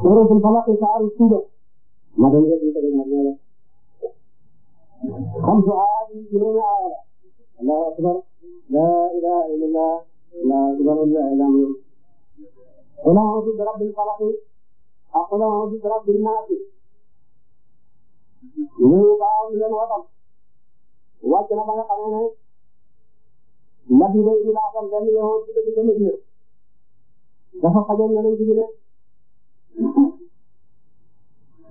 suratul falaq saaru suuda madan ga dita ga marna la khamsu aayat juróomi aaya la allahu akbar la ilaha illallah allahu akbar la ilaha illallah قل أعوذ برب الفلق أقول أعوذ برب الناس ñu baaw leen watam wàcc na ba nga xamee ne nabi day di laatam lenn yoon ci dëgg dëgg dafa xajoon yonent bi ne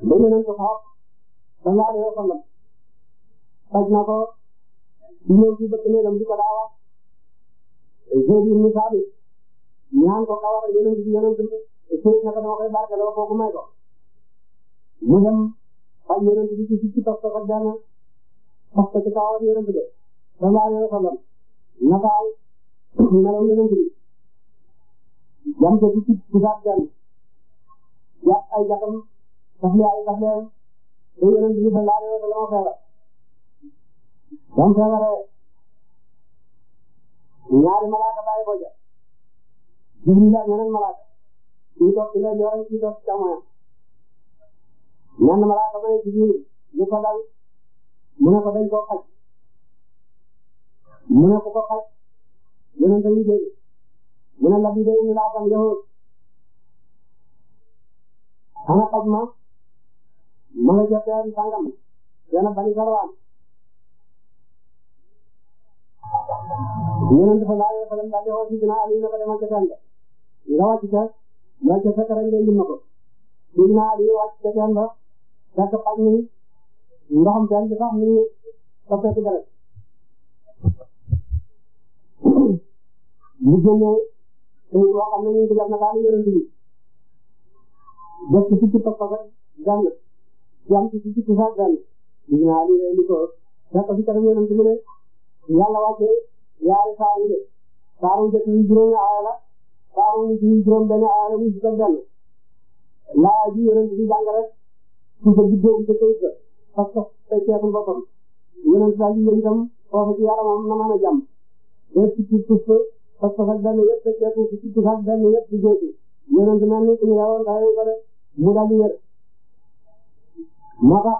bëri nañ ko xaar sallallahu alayhi wa sallam faj na ko ñëw ci bëkk néegam di ko daawa Zayd ibn Saabit ñaan ko kawar ak yeneen bi yeneen bi sëriñ na ko dama koy barke loo kooku may ko mu dem faj yeneen bi ci ci toog toog ak benn toog ko ci kawar ak yeneen bi sallallahu alayhi wa sallam nataal melaw yeneen bi jam ko ci ci ci yàq ay yàqam taf leen ay taf leen te yonent bi sallallahu alayhi wa sallam feebar dam feebaree ñaari malaaka bàyyi ko ja Jibril ak yeneen malaaka kii toog ci leen yore kii toog ci camoñam ñenn malaaka ba Jibril ñu ko dal mu ne ko dañ koo xaj mu ne ko ko xaj yonent bi dégg mu ne la bi day ñu laatam yahud ana xaj ma ma nga jotee sangam dana bani sarwaan yonent fa laale fa lam daldi xool ci dina ali na ko demal ca teen ba nga wàcc ca nga ca fekk rek ngay lim na ko dina ali wàcc ca teen ba fekk pañ mi ndoxam teen bi sax mi ngi soppeeku deret mu génne tey boo xam ne ñu ngi ko def na daal yonent bi def ci fukki pas-pas ak jàng jàng ci fukki saa jàng gis naa li ngay liggéey def ko ci kanam yonent bi de yàlla wàccee yaari saa yi de saaru njëkk bi juróomi aaya la saaru njëkk bi juróom benn aaya la muy fukk ak benn laa ji yonent bi jàng rek su ko juddoo bu fekkee it la parce que fekkeekul boppam yonent daal di yëngu itam foofu ci yaramam na mën a jàmm def ci ci suuf parce que benn yëpp fekkeekul ci suuf ak benn yëpp di jéggi yonent mel ni suñu yawoon xëy na ko de mu daal di wér moo tax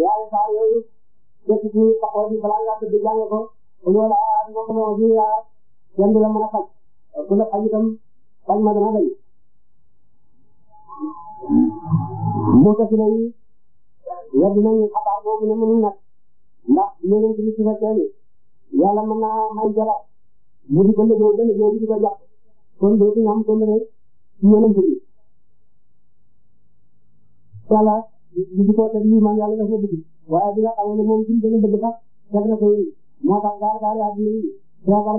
yaay saar yooyu képp ci taxaw bi balaa ngaa tëdd jàng ko loolu ah di ah, ko xamoo bi yaa kenn du la mën a faj ku la faj itam faj ma dana dañ mutasila yi wedd nañu xabaar boobu ne mënul nag ndax yonent bi su fekkee ni yàlla mën naa may jara mu di ko lëgoo ba lëgoo bi di ko jàpp kon dootuñu am kon ne yonent bi yàlla li ci ko teg lii man yàlla def na bëgg waaye bi nga xamee ne moom suñu gën a bëgg sax def na ko yi moo tax gaar gaar yaa di feebar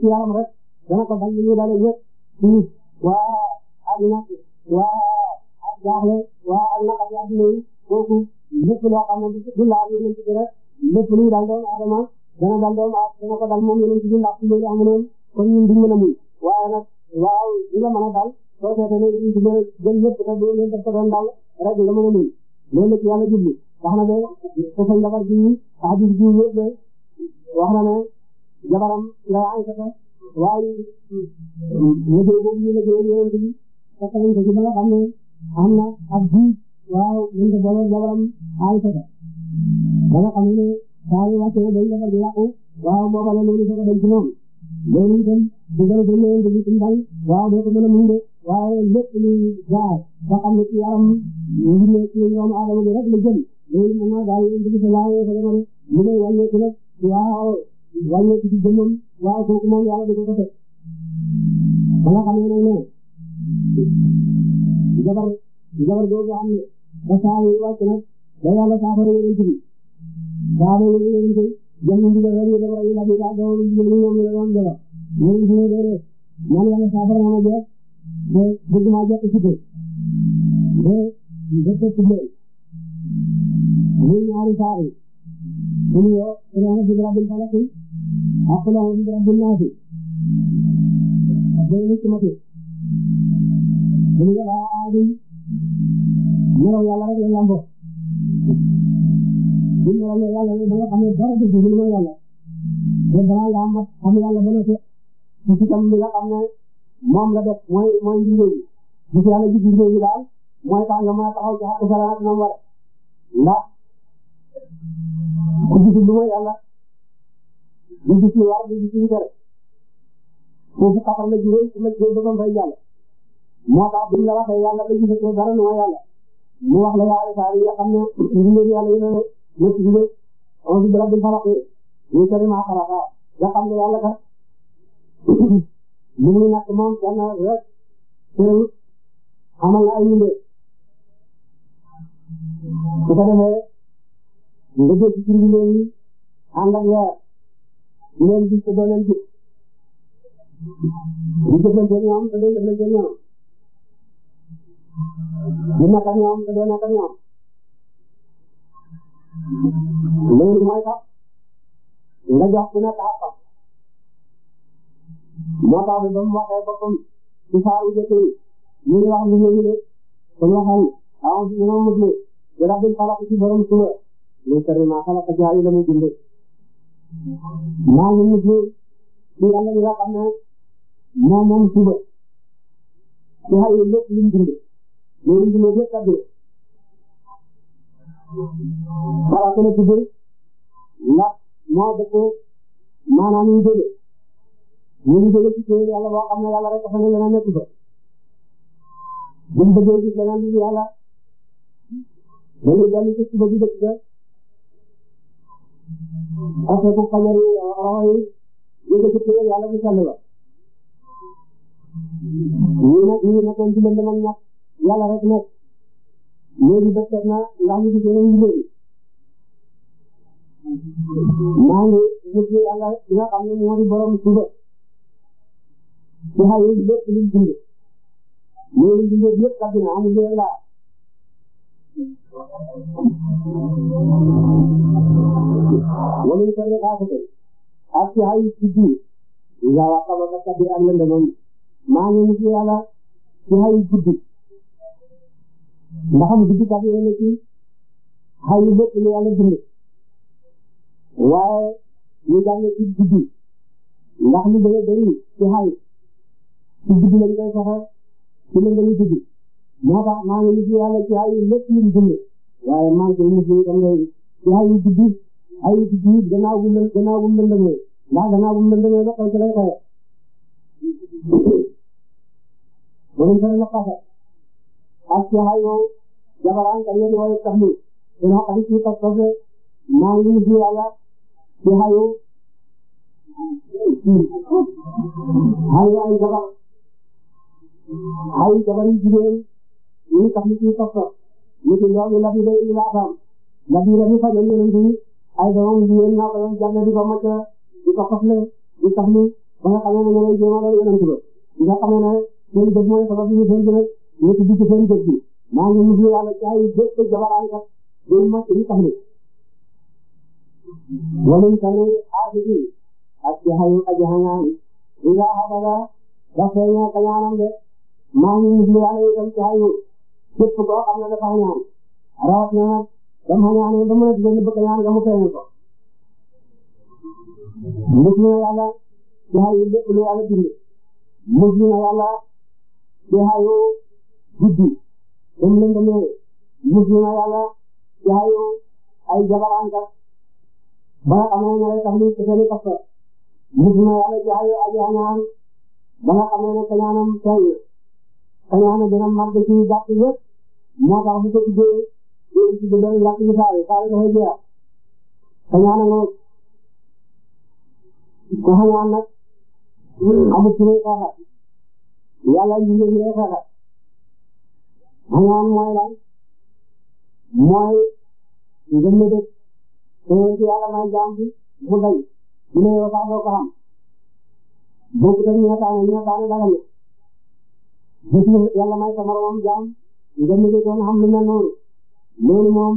ci yaram rek dana ko bañ li ñuy dalee yëpp ci waa ak ñàkk waa ak jaaxle waa ak naqar yaa di nuyu kooku lépp loo xam ne du laal yonent bi rek lépp luy dal doomu aadama dana dal doomu aadama dana ko dal moom yonent bi ndax ci loolu amuloon kon ñun duñ mën a muñ waaye nag waaw li la mën a dal soo seetee ne indi dina jël ñëpp te du leen def ko doon dal rek la mën a mën loolu la ci yàlla jublu tax na ba te sa jabar ji hadis ji yëpp de wax na ne jabaram la Aysata waaye liggéey boobu ñu liggéeyal yonent bi fekk nañ ko ci ba nga xam ne am na ab ji waaw ñu ko boole jabaram Aysata ba nga xam ne saa yu wàccee day jabar di yàqu waaw booba la loolu fekk dañ ci noonu loolu itam du gën a jël yonent bi suñu dal waaw doo ko mën a mën de waaye lépp luy gaar ba xam ne ci yaram ñu ngi ne ci doomu aadama bi rek la jëm loolu moom mooy daal di gis laa yoo xam ne mu ngi wàññeeku nag waaw wàññeeku ci jëmmam waaw kooku moom yàlla di ko ko teg ba nga xam ne nag ne jabar jabar boobu am ne ba saa yu wàcc nag ba yàlla saafara yonent bi saafara yonent bi jëm ndigal rek ñu jabar yi la bi daa doon ndigal ñoom ñu la doon jabar ñoom ñu ne man yàlla saafara na ma jeex mais bëgg naa jox équipé mais nga fekk mbéy muy ñaari saa yi mu ne yow rajo bi rabbil falaq ak rajo bi rabbil naas ak benn xikmati mu ne yow aadum ah, ah, nelaw yàlla rek la lamboo bu nelawee yàlla rek ba nga xam ne dara du ci lu mooy yàlla te balaa nga am xam yàlla ba nga xam ne moom la def mooy mooy njiw yi gis yàlla gis njiw yi daal mooy tax nga mën a taxaw ci xàq sara ak nam war ndax ku gisul lu mooy yàlla du gis lu war du gis lu tere foofu xatar la juróom la juróom bëggam fay jàll moo tax buñ la waxee yàlla ba gisatoo dara lu mooy yàlla mu wax la yaari saar yi nga xam ne njiw yàlla yi ne ñett bi de on se dara du faraq yi ñu sori maa xalaat nga xam ne yàlla kat lu muy ñàkk moom yàlla rek teewut amal na ay mbir su ko defee nga jël ci kii bi léegi ànd ak weer leen gis te doo leen gis di jëflante ñoom te doo jëflante ñoom di nekk ak ñoom te doo nekk ak ñoom loolu mooy tax nga jox ku nekk àqam moo tax ba mu waxee boppam ci saa yu jëkk yi ñu ngi wax ñu ngi dañoo xam aw si ñoom mos la da dafa di xalaat ci borom suba lu sori maa xalaat ak jaay la muy bind maa ngi mos la ci yàlla mi nga xam ne moom moom suba ci xay lépp lu mu bind loolu bind lépp kaddu xalaat na ci biir ndax moo dëkk maanaam ñu jëlee ñu ngi jóge ci téere yàlla boo xam ne yàlla rek dafa ne leneen nekk fa buñ bëggee gis leneen lu yàlla dañuy dellu ci suba bi dëkk ba affaire bu xajar yi rawa yi jóge ci téere yàlla bu sell la ñu ne ñu nekkoon ci lëndëm ak ñàkk yàlla rek nekk léegi bëccëg na ndax ñu gis leneen yu léegi maa ngi gis yàlla nga xam ne moo di borom suba ci xay yi lépp luñ dund loolu luñ dund lépp àddina amul léeg laa wala ñu tane xaafate ak ci xay ci biir nga wax xamal na kaddi ak lënd moom maa ngi musu yàlla ci xay guddi ndax am guddi kat yéen ci xay lépp lu yàlla dund waaye ñu jàng ci guddi ndax lu bëgg a bëri ci xay ci guddi lañ koy saxee ci lañ koy guddi moo tax maa ngi nuyu yàlla ci ay lépp luñ dund waaye maa ngi koy nuyu tam ngay ci ay guddi ay guddi gannaaw bu lënd gannaaw bu lëndëmee ndax gannaaw bu lëndëmee ba xew ci lay xew borom sa la xafa ak ci ay yow jabaraan ka yéen waaye tax ni dina xadi ci tas tas maa ngi nuyu yàlla ci ay yow ay ay jabar ay jabar yu jigéen ñi tax ñu ciy topp ñu ci ñoom ñu la fi béy ñu laataan la fi la fi fajoon ñu leen ay doomam jigéen ñaa ko doon jàng di ko mocc di ko xofle di tax li ba nga xamee ne ñu lay jéem a doon yonent ba nga xamee ne seen dëgg mooy sabab yi seen dëgg ñu ci dugg seen dëgg maa ngi muslu yàlla ci ay bépp jabaraan kat doon mocc di tax li wala tamit aasiti ak ci xayu aji xañaan ila abada ba feeñee kañaanam de maa ngi muslu yàlla itam ci ayu képp koo xam ne dafa ñaan rawat na nag ba mu ñaanee ba mu nekk benn bëgg ñaan mu feeñu ko muslu na yàlla ci ayu lépp lu yàlla mu lëndamee muslu na ay jabaranga ba nga xam ne ñaareel tam li ci seeni kafar muslu na yàlla añaane dana màgg ci gàtt yëpp moo tax bu ko tuddee yéen ci benn gàtt bi saare saare dafay jeex añaane moom ko añaan nag amul ci lay xeexat yàlla ñu ngi lay xeexat añaan mooy lan mooy ngëm na dëkk te ci yàlla may jaam gis na yàlla may sa moromam jaam nga mujj doon xam lu mel noonu loolu moom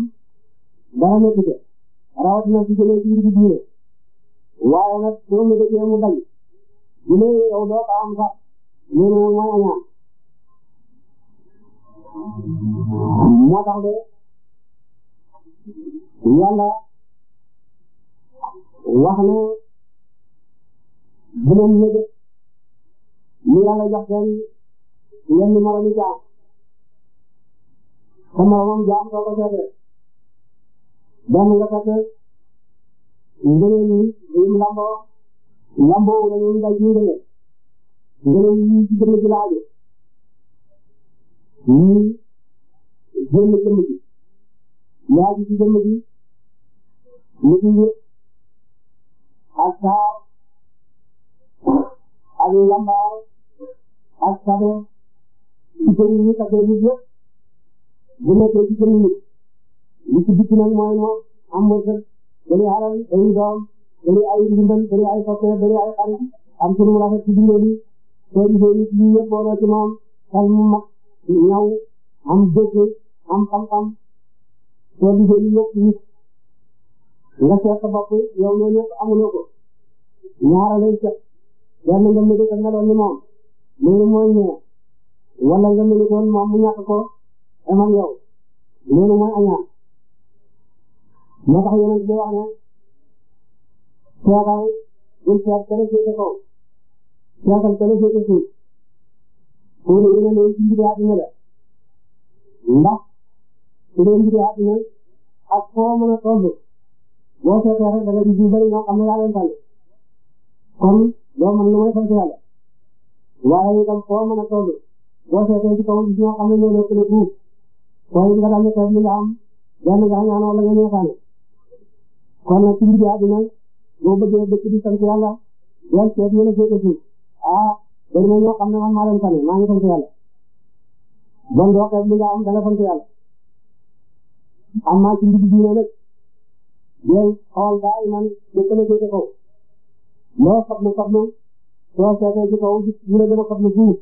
dara nekk ci rawatina ci jëlee ci mbir diine waaye nag soo mujj cee mu dal bu ne yow doo ko am sax loolu moom mooy añaan moo tax de yàlla wax ne bu leen yëg li yàlla jox seen ñoom ñu moromu jaam te moromam jaam doo ko seetee benn nga fekk ngëneel yi yim lamboo lamboo wala ñoom day jiw ngëneel ngëneel yi ci jëmm ci laaju ñii jëmm jëmm ji laaju ci jëmm ji lu ci yëpp ak saar ak lambaar ak sabe ci sëriñ ñi taggee nit yëpp bu nekkee ci sëriñ nit li mooy moo am wërsëg bëri alal bëri doom bëri ay ndimbal bëri ay soppe bëri ay xarit am sunu rafet ci dundee bi soo gisee nit ñi yëpp booloo ci moom xel mu mag ñaw am dëkk am xam-xam soo gisee nit yëpp nit nga seet sa bopp ko nga mën a def ak nga doon ni moom loolu mooy wala nga mel ni kon moom mu ñàkk ko am ak yow loolu mooy añaan moo tax yonent bi wax ne toogal bul seet kala féete kaw seetal kala féete suuf loolu dina leen ci mbiri àddina la ndax su dee mbiri àddina ak foo mën a toll boo seetee rek da nga di bari ñoo xam ne yaa leen tànn kon doo mën lu may sant yàlla waaye itam foo mën a toll boo seetee ci kaw ñoo xam ne ñoo lëkkale buuf waaye nga daal ne xeex bi nga am benn gaañaan wala nga ñeexaane kon nag ci mbir àddina boo bëggee dëkk di sant yàlla yàlla seet ñu ne féete suuf ah bari na ñoo xam ne man maa leen tane maa ngi sant yàlla bon doo xeex bi nga am da nga sant yàlla am naa ci mbir bi ne nag yéen xool gaa yi man dëkkale féete kaw loo xam ne xam na soo seetee ci kaw gis ñu la gën a xam ne buuf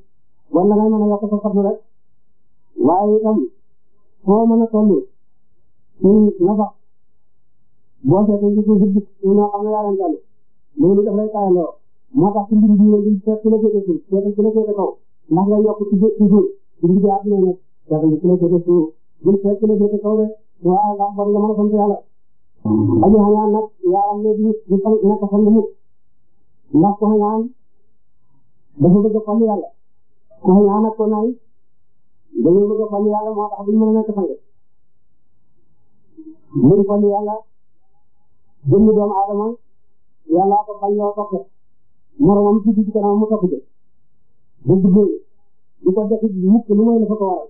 loolu da ngay mën a yokk sa soxla rek waaye itam foo mën a toll ci nafa boo seetee ci suuf bi ñoo xam ne yaa leen toll loolu daf lay taayaloo moo tax ci mbir bi ñu ngi seet ci la jotee suuf seetal ci la jotee kaw ndax ngay yokk ci ci suuf ci mbir bi at mi nekk seetal ci la jotee suuf ñu seet ci la jotee kaw de waaw ndax war nga mën a sant yàlla. aji xañaan nag yaa am léegi du fan nekk fan nga mukk ndax ku xañaan dafa bëgg a xool yàlla. ku mu ñaan ak ko nay dañoo bëgg a fal yàlla moo tax duñ mën a nekk sang buñ fal yàlla jënd doomu aadama yàllaa ko fal loo toppe moromam ci ci kanam mu topp de bu duggee du ko def mukk lu may la fa ko waral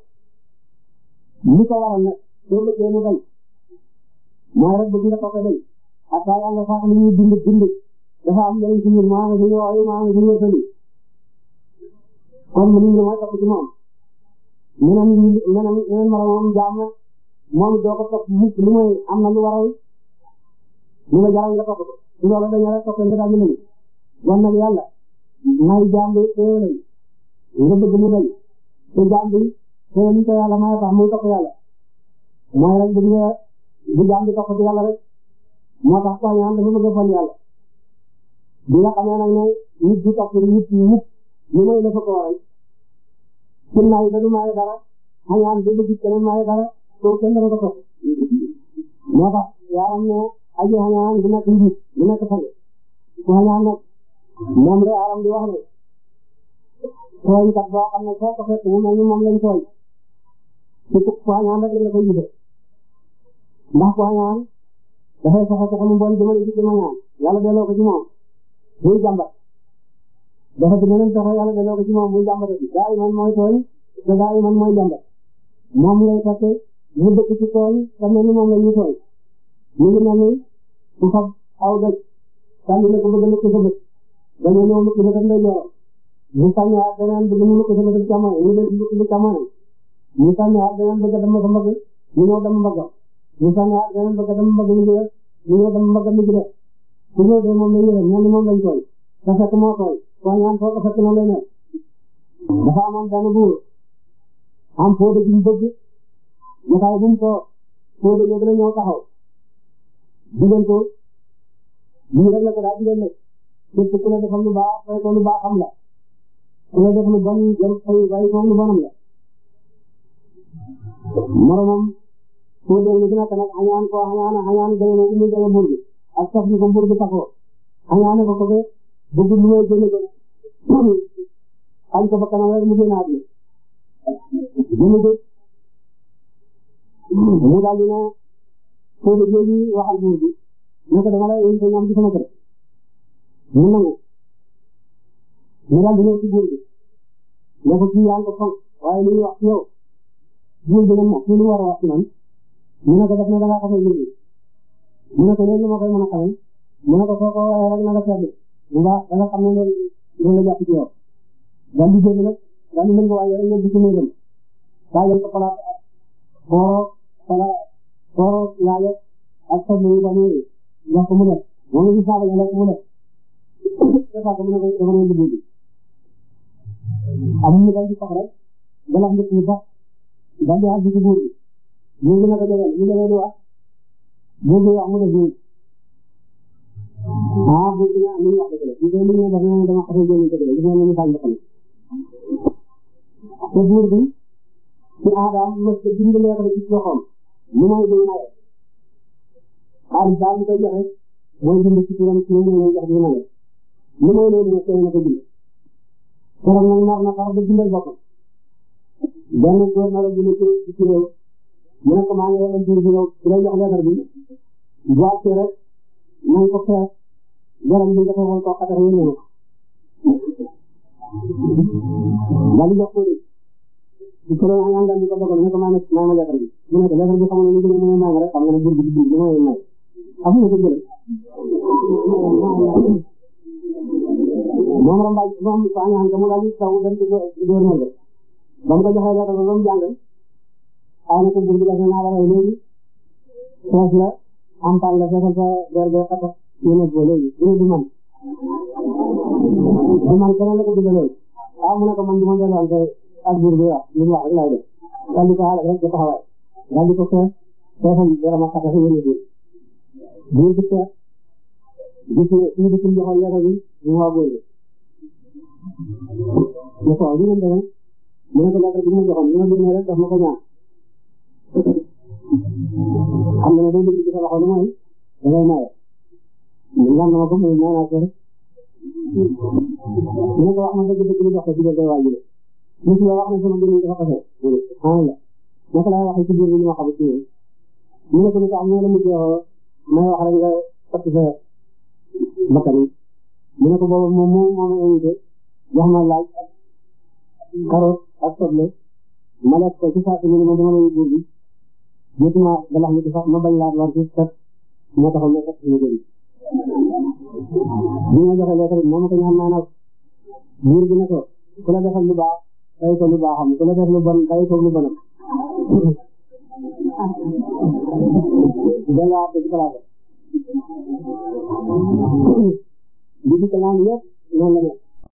lu ko waral nag soo bëggee mu bañ mooy rek bëgg nga toppe bañ ak saa yàlla sax li ñuy dund dund dafa am njëriñ ci ñun maanaam li ñu wax maanaam li ñu wërtali kon li ñu mooy topp ci moom meneen meneen meneen moromam jaam la moom doo ko topp mukk lu mooy am na lu waral lu la jaral nga topp ko loolu dañu la topp nga daal di wan nag yàlla may jaam bi teewal nga bëgg mu bañ te jaam bi teewal ko yàlla may tax muy topp yàlla mooy rek bu nga bu jaam bi topp ci yàlla rek moo tax ko ñaan dafa bëgg a fon yàlla bi nga xamee nag ne nit bi topp nit mukk lu may la fa ko waral sun naa yi ba du maaye dara xañaan du bëgg keneen maaye dara kooku kenn dara ko topp moo tax yaaram ne aji xañaan bu nekk njiit bu nekk fale ku xañaan nag moom la yaaram di wax ne tooñ kat boo xam ne foo ko fekk mu mel ni moom lañ tooñ su ku xañaan rek la koy gisee ndax ku xañaan dafay fexe fexe mu bon jëmale ci ki ma ñaan yàlla delloo ko ci moom muy jàmbat dafa gën a leen fexe yàlla delloo ko ci moom muy jàmbat bi daa yi man mooy tooñ te daa yi man mooy jàmbat moom lay fekk mu dëkk ci tooñ te mel ni moom la ñuy tooñ mu ngi mel ni ku fab aw daj sànni na ko bëgg lukk sa bët da ngay ñëw lukk sa bët lay joor mu sànni ak beneen bëgg mu lukk sa bët càmmoñ mu def lukk sa càmmoñ mu sànni ak beneen bëgg dem sa mbagg mu ñëw dem mbagg mu sànni ak beneen bëgg dem mbagg mi ngi def mu ñëw dem mbagg mi ngi def ku ñëw de moom la ñuy def ñenn moom lañ tooñ te fekk moo tooñ kon ñoom foo ko fekk noonu lay nekk dafa amoon benn buur am foo dëgg ñu bëgg jotaay bu mu toog foo dëgg dina ñëw taxaw digal ko lii rek la ko daal digal nag képp ku la defal lu baax fay ko lu baax xam la ku la def lu bon jël fay bàyyi ko lu bonam la moromam foo dëgg lu dina ko nag añaan ko añaan añaan gëne ko mu gëne buur bi ak saf ñu ko buur bi taxoo añaane ko ko be bëgg lu may gëne gëne xañ ko ba kanam rek mu génnaat yi jënd dëkk mu daal di ne soo de jooju waxal buur bi ne ko dama lay invité ñam ci sama kër mu nangu mu daal di ñëw ci buur bi ne ko kii yaa ngi ko fonk waaye li ñu wax ci yow buur bi ne moom kii lu war a wax ci noonu mu ne ko daf ne da ngaa xamee buur bi mu ne ko loolu ma koy mën a xamee mu ne ko soo ko waxee rek na la seetlu bu baax da nga xam ne loolu loolu la jàpp ci yow daal di génn nag daal di mën ko waaye rek ñoom du ci mën a dem daa jël ko palaat xooloo pala xooloo laaj ak soble yi ba ñëwee jox ko mu nekk moom la ci saako ñu nekk mu nekk dafa ko mu nekk dafa doon liggéey bi. am ñu daal di sax rek dalax nit ñi sax daal di àgg ci buur bi ñu ngi naka jëlee ñu demee di wax buur bi wax mu def ah bu ñu naan li ñu wax dëgg la bu dee li ñu def naa ne dama xasee jënd dëgg la gis naa ne ñu fànn xel. te buur bi ci aadaam mos a bind leeral ci loxoom lu may doon nawet xaalis daal di koy joxe mooy bind ci turam ci loolu mooy jox di nawet lu may doon mos a na ko bind. keroog nag nar na xar ba bindal boppam benn góor na la bind ci ci réew mu ne ko maa ngi leen di bind ci réew bi lay jox leeral bi bu àggsee rek nañ ko xeex. yaram bi dafa mën koo xatara yéen ñëw daal di jox ko ni su ko doon àndal di ko dogal ne ko maa nekk maa ma lekkal bi mu nekk lekkal bi xam nga lu gën a mën a maam rek xam nga ne jur gi di dund mooy may xam nga ko jël moom rambaaj moom saa ñaan ko mu daal di taw dem ci gouverneur ba ba mu ko joxee lekkal ba ba mu jàngal xaaral ko jur gi dafa naa la rey léegi xees la am pal la fekkal sa der bee xatak ñu ne ko léegi du man du man keneen la ko digaloon ah mu ne ko man du ma delloo ak buur bi wax li mu wax rek laay def daal di ko xaaral rek di taxawaay daal di ko xeex xeexam dara ma xatase yéen a ji buur bi xeex gis nga suñu dëkk bi joxoon leeral bi mu waa buur bi ne ko waaw ñu ne mu ne ko leeral bi ma joxoon ñu ma bind rek daf ma ko ñaan xam nga ne day dëgg ci sa loxo lu mooy da ngay maye man ma ko moom maa ko wax ma dëgg dëgg li wax ci biir day waaj de nit ñi wax na sama mbir mi dafa xase xanaa la naka laa waxee ci biir bi ñu ma xam ci yéen mu ne ko ni tax la mujjee woo may wax rek nga takk sa bakkan yi mu ne ko boobu moom moom moo ma invité jox ma laaj ak carotte ak soble ma lekk ko ci saa si mu ne ma dama lay góor gi jotuma dalax mi ci sax ma bañ laa lor ci kat moo taxoon ma fekk si ma bi ma joxe lettre bi moom ko ñaan naa nag buur bi ne ko ku la defal lu baax day ko lu baaxam ku la def lu bon day ko lu bonam delluwaat ci place bi di ko naan yëpp noonu la